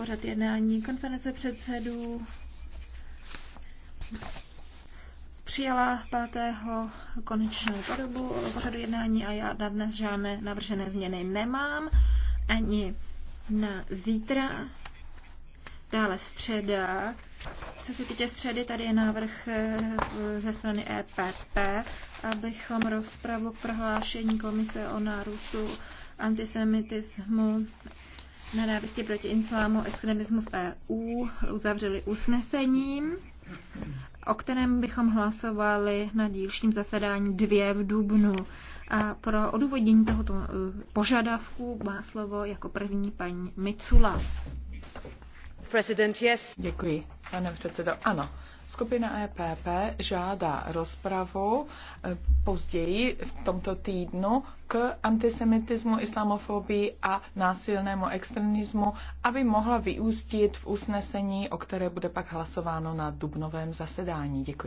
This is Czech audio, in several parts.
pořad jednání konference předsedů přijala 5. konečnou podobu pořadu jednání a já na dnes žádné navržené změny nemám, ani na zítra, dále středa. Co se týče středy, tady je návrh eh, ze strany EPP, abychom rozpravu k prohlášení komise o nárůstu antisemitismu nenávisti proti islámu extremismu v EU uzavřeli usnesením, o kterém bychom hlasovali na dílším zasedání dvě v Dubnu. A pro odůvodnění tohoto e, požadavku má slovo jako první paní Micula. President, yes. Děkuji, pane předsedo. Ano, Skupina EPP žádá rozpravu eh, později v tomto týdnu k antisemitismu, islamofobii a násilnému extremismu, aby mohla vyústit v usnesení, o které bude pak hlasováno na dubnovém zasedání. Děkuji.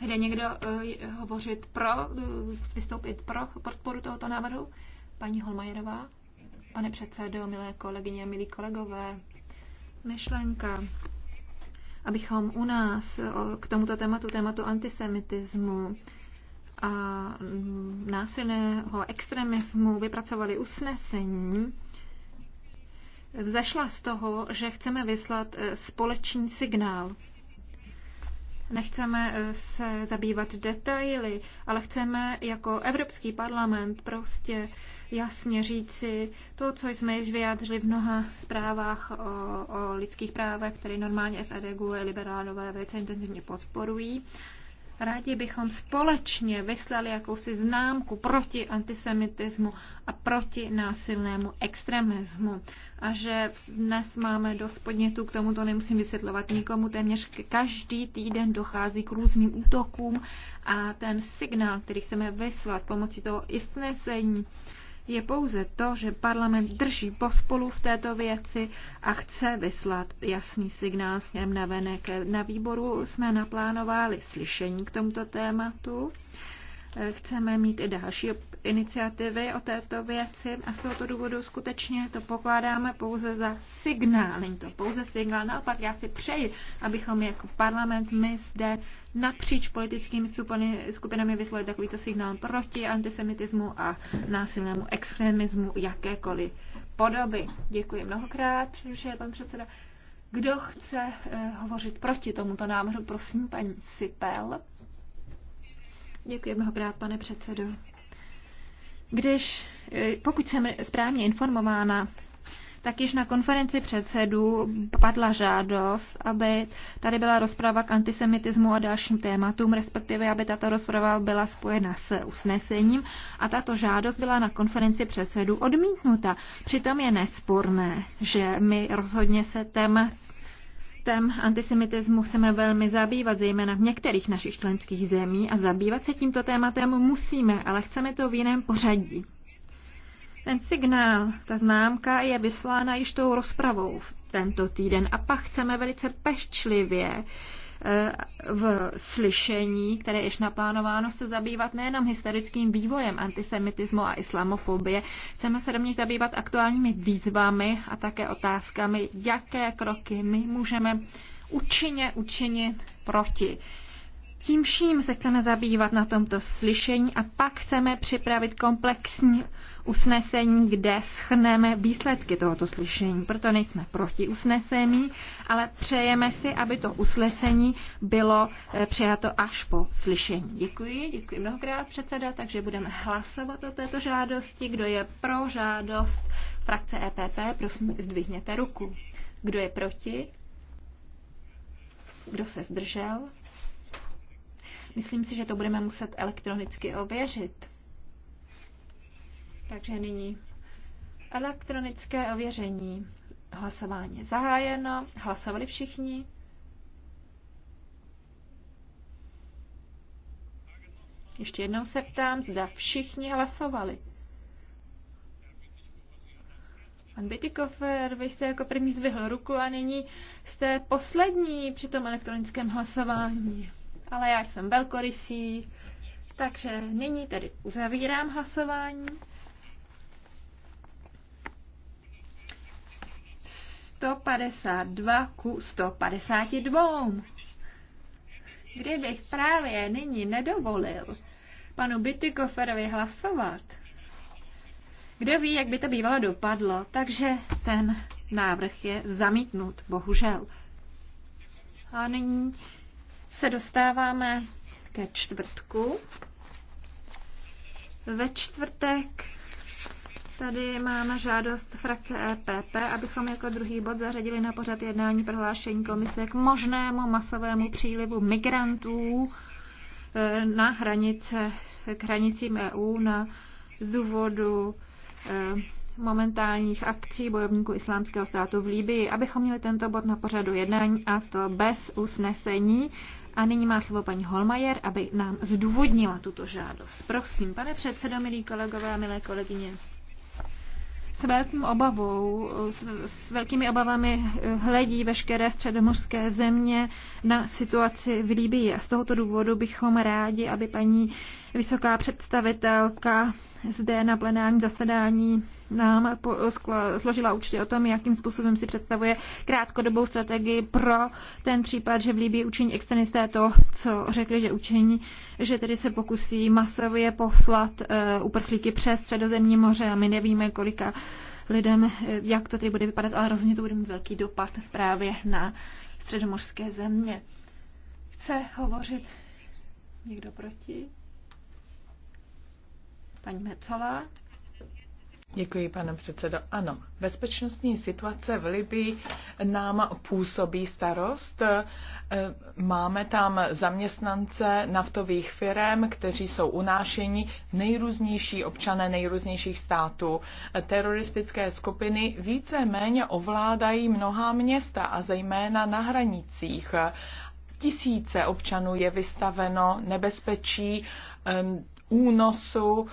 Jde někdo uh, hovořit pro, uh, vystoupit pro podporu tohoto návrhu? Paní Holmajerová? Pane předsedo, milé kolegyně, milí kolegové, myšlenka abychom u nás k tomuto tématu, tématu antisemitismu a násilného extremismu vypracovali usnesení, vzešla z toho, že chceme vyslat e, společný signál. Nechceme eh, se zabývat detaily, ale chceme jako Evropský parlament prostě jasně říci to, co jsme již vyjádřili v mnoha zprávách o, o lidských právech, které normálně SAD, GUE, liberálové velice intenzivně podporují. Rádi bychom společně vyslali jakousi známku proti antisemitismu a proti násilnému extremismu. A že dnes máme dost podnětů, k tomu to nemusím vysvětlovat nikomu, téměř každý týden dochází k různým útokům a ten signál, který chceme vyslat pomocí toho usnesení, je pouze to, že parlament drží pospolu v této věci a chce vyslat jasný signál směrem na venek. Na výboru jsme naplánovali slyšení k tomuto tématu. Chceme mít i další iniciativy o této věci a z tohoto důvodu skutečně to pokládáme pouze za signál. Není to pouze signál, naopak já si přeji, abychom jako parlament my zde napříč politickými skupinami vyslali takovýto signál proti antisemitismu a násilnému extremismu jakékoliv podoby. Děkuji mnohokrát, že pan předseda. Kdo chce eh, hovořit proti tomuto návrhu, prosím, paní Sipel. Děkuji mnohokrát, pane předsedo. Když, eh, pokud jsem správně informována, tak již na konferenci předsedů padla žádost, aby tady byla rozprava k antisemitismu a dalším tématům, respektive aby tato rozprava byla spojena s usnesením a tato žádost byla na konferenci předsedů odmítnuta. Přitom je nesporné, že my rozhodně se téma tématem antisemitismu chceme velmi zabývat, zejména v některých našich členských zemí a zabývat se tímto tématem musíme, ale chceme to v jiném pořadí. Ten signál, ta známka je vyslána již tou rozpravou v tento týden a pak chceme velice peščlivě Eh, v slyšení, které jež naplánováno se zabývat nejenom historickým vývojem antisemitismu a islamofobie, chceme se rovněž zabývat aktuálními výzvami a také otázkami, jaké kroky my můžeme učině učinit proti. Tím vším se chceme zabývat na tomto slyšení a pak chceme připravit komplexní usnesení, kde schneme výsledky tohoto slyšení. Proto nejsme proti usnesení, ale přejeme si, aby to usnesení bylo eh, přijato až po slyšení. Děkuji, děkuji mnohokrát předseda, takže budeme hlasovat o této žádosti. Kdo je pro žádost frakce EPP, prosím, zdvihněte ruku. Kdo je proti? Kdo se zdržel? Myslím si, že to budeme muset elektronicky ověřit. Takže nyní elektronické ověření. Hlasování zahájeno. Hlasovali všichni. Ještě jednou se ptám, zda všichni hlasovali. Pan Bytikofer, vy jste jako první zvyhl ruku a nyní jste poslední při tom elektronickém hlasování ale já jsem velkorysý, takže nyní tedy uzavírám hlasování. 152 ku 152. Kdybych právě nyní nedovolil panu Bitykoferovi hlasovat, kdo ví, jak by to bývalo dopadlo, takže ten návrh je zamítnut, bohužel. A nyní se dostáváme ke čtvrtku. Ve čtvrtek Tady máme žádost frakce EPP, abychom jako druhý bod zařadili na pořad jednání prohlášení komise k možnému masovému přílivu migrantů e, na hranice, k hranicím EU na z důvodu e, momentálních akcí bojovníků islámského státu v Líbii, abychom měli tento bod na pořadu jednání a to bez usnesení. A nyní má slovo paní Holmajer, aby nám zdůvodnila tuto žádost. Prosím, pane předsedo, milí kolegové a milé kolegyně. S velkým obavou, s velkými obavami hledí veškeré středomořské země na situaci v Líbii. A z tohoto důvodu bychom rádi, aby paní vysoká představitelka zde na plenární zasedání nám složila určitě o tom, jakým způsobem si představuje krátkodobou strategii pro ten případ, že v Líbí učení extremisté to, co řekli, že učení, že tedy se pokusí masově poslat eh, uprchlíky přes středozemní moře a my nevíme, kolika lidem, eh, jak to tedy bude vypadat, ale rozhodně to bude mít velký dopad právě na středomořské země. Chce hovořit někdo proti? Paní Mecola. Děkuji, pane předsedo. Ano, bezpečnostní situace v Libii nám působí starost. E, máme tam zaměstnance naftových firm, kteří jsou unášeni nejrůznější občané nejrůznějších států. Teroristické skupiny více-méně ovládají mnohá města a zejména na hranicích. Tisíce občanů je vystaveno nebezpečí únosu,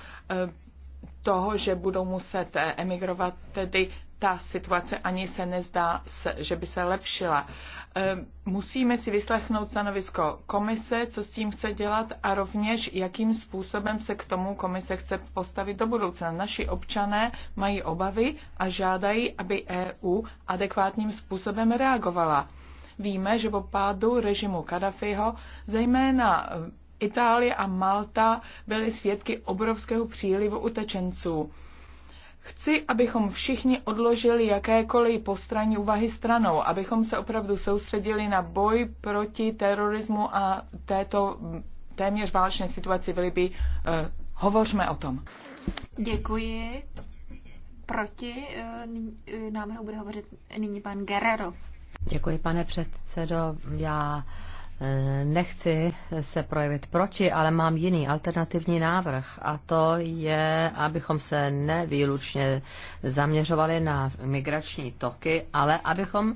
toho, že budou muset eh, emigrovat, tedy ta situace ani se nezdá, že by se lepšila. Ehm, musíme si vyslechnout stanovisko komise, co s tím chce dělat a rovněž, jakým způsobem se k tomu komise chce postavit do budoucna. Naši občané mají obavy a žádají, aby EU adekvátním způsobem reagovala. Víme, že po pádu režimu Kadafiho zejména Itálie a Malta byly svědky obrovského přílivu utečenců. Chci, abychom všichni odložili jakékoliv postranní úvahy stranou, abychom se opravdu soustředili na boj proti terorismu a této téměř válečné situaci v Libii. Eh, hovořme o tom. Děkuji. Proti eh, eh návrhu bude hovořit nyní pan Guerrero. Děkuji, pane předsedo. Já Eh, nechci se projevit proti, ale mám jiný alternativní návrh a to je, abychom se nevýlučně zaměřovali na migrační toky, ale abychom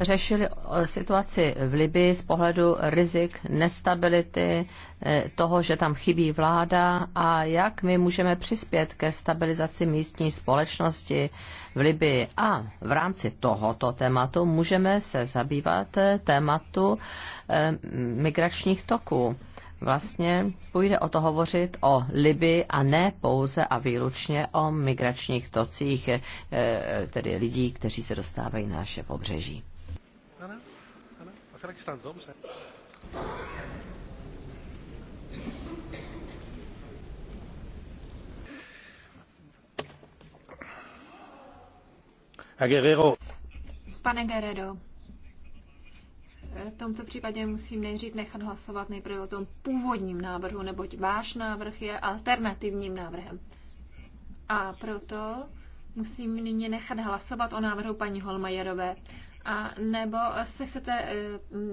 řešili eh, situaci v Libii z pohledu rizik, nestability, eh, toho, že tam chybí vláda a jak my můžeme přispět ke stabilizaci místní společnosti v Libii. A v rámci tohoto tématu můžeme se zabývat eh, tématu migračních toků vlastně půjde o to hovořit o Libii a ne pouze a výlučně o migračních tocích, tedy lidí, kteří se dostávají na naše pobřeží. Pane Guerrero, v tomto případě musím nejdřív nechat hlasovat nejprve o tom původním návrhu, neboť váš návrh je alternativním návrhem. A proto musím nyní nechat hlasovat o návrhu paní Holmajerové. A nebo se chcete eh,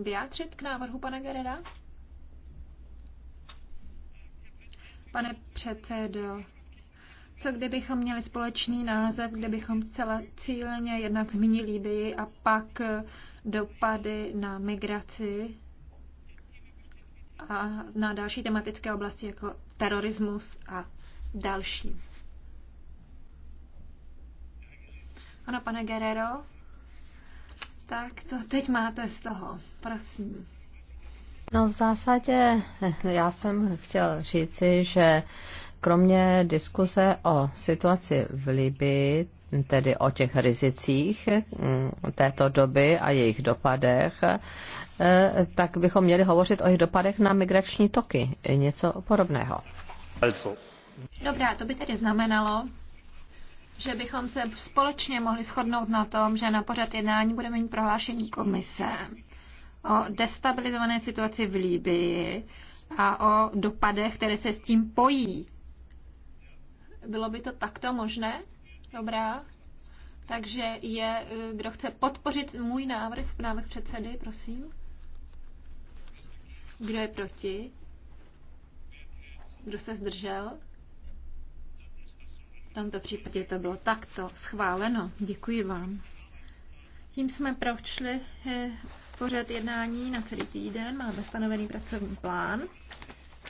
vyjádřit k návrhu pana Gereda? Pane předsedo, co kdybychom měli společný název, kdybychom zcela cíleně jednak zmínili Libii a pak eh, dopady na migraci a na další tematické oblasti jako terorismus a další. Ano, pane Guerrero. Tak to teď máte z toho, prosím. No v zásadě já jsem chtěl říci, že kromě diskuze o situaci v Libii, tedy o těch rizicích mm, této doby a jejich dopadech, eh, tak bychom měli hovořit o jejich dopadech na migrační toky. Něco podobného. Dobrá, to by tedy znamenalo, že bychom se společně mohli shodnout na tom, že na pořad jednání budeme mít prohlášení komise o destabilizované situaci v Líbii a o dopadech, které se s tím pojí. Bylo by to takto možné? Dobrá. Takže je, eh, kdo chce podpořit můj návrh, návrh předsedy, prosím. Kdo je proti? Kdo se zdržel? tomto případě to bylo takto schváleno. Děkuji vám. Tím jsme prošli eh, pořad jednání na celý týden. Máme stanovený pracovní plán.